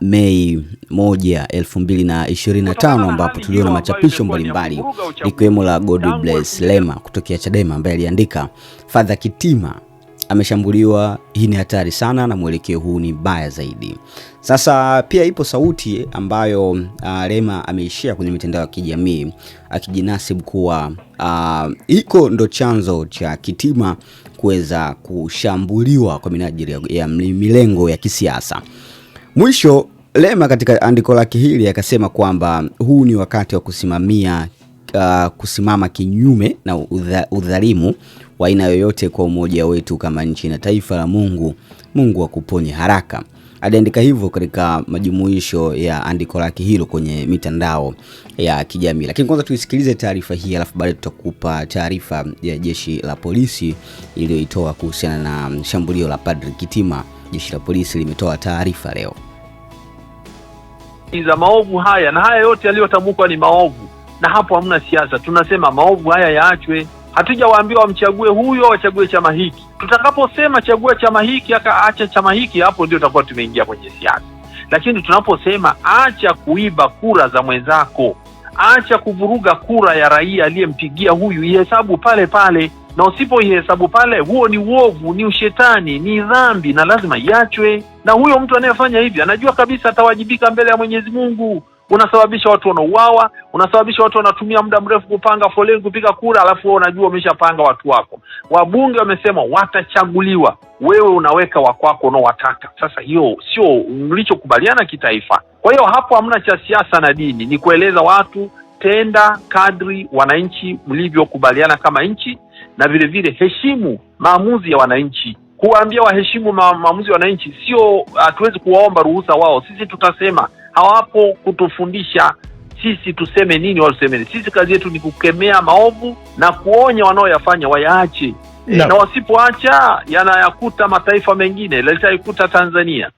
Mei moja elfu mbili na ishirini na tano ambapo tuliona machapisho mbalimbali ikiwemo la God bless Lema kutokea Chadema ambaye aliandika Father Kitima ameshambuliwa, hii ni hatari sana na mwelekeo huu ni mbaya zaidi. Sasa pia ipo sauti ambayo uh, Lema ameishia kwenye mitandao ya kijamii akijinasibu kuwa uh, iko ndo chanzo cha Kitima kuweza kushambuliwa kwa minajili ya milengo ya kisiasa. Mwisho, Lema katika andiko lake hili akasema kwamba huu ni wakati wa kusimamia uh, kusimama kinyume na udha, udhalimu wa aina yoyote kwa umoja wetu kama nchi na taifa la Mungu. Mungu akuponye haraka. Aliandika hivyo katika majumuisho ya andiko lake hilo kwenye mitandao ya kijamii. Lakini kwanza tuisikilize taarifa hii, alafu baadaye tutakupa taarifa ya jeshi la polisi iliyoitoa kuhusiana na shambulio la Padri Kitima jeshi la polisi limetoa taarifa leo za maovu haya, na haya yote yaliyotamkwa ni maovu, na hapo hamna siasa. Tunasema maovu haya yaachwe. Hatujawaambiwa wamchague huyo, wachague chama hiki. Tutakaposema chagua chama hiki akaacha chama hiki, hapo ndio tutakuwa tumeingia kwenye siasa. Lakini tunaposema acha kuiba kura za mwenzako acha kuvuruga kura ya raia aliyempigia huyu, ihesabu pale pale, na usipoihesabu pale, huo ni uovu, ni ushetani, ni dhambi na lazima iachwe. Na huyo mtu anayefanya hivyo anajua kabisa atawajibika mbele ya Mwenyezi Mungu. Unasababisha watu wanauawa, unasababisha watu wanatumia muda mrefu kupanga foleni kupiga kura, alafu wewe unajua umeshapanga watu wako. Wabunge wamesema watachaguliwa wewe unaweka wakwako unaowataka. Sasa hiyo sio mlichokubaliana kitaifa. Kwa hiyo hapo hamna cha siasa na dini, ni kueleza watu tenda kadri wananchi mlivyokubaliana kama nchi, na vile vile heshimu maamuzi ya wananchi. Kuwaambia waheshimu ma maamuzi ya wananchi sio, hatuwezi kuwaomba ruhusa wao, sisi tutasema. Hawapo kutufundisha sisi tuseme nini, wao nini. Sisi kazi yetu ni kukemea maovu na kuonya wanaoyafanya wayaache no. na wasipoacha yanayakuta mataifa mengine, litaikuta Tanzania.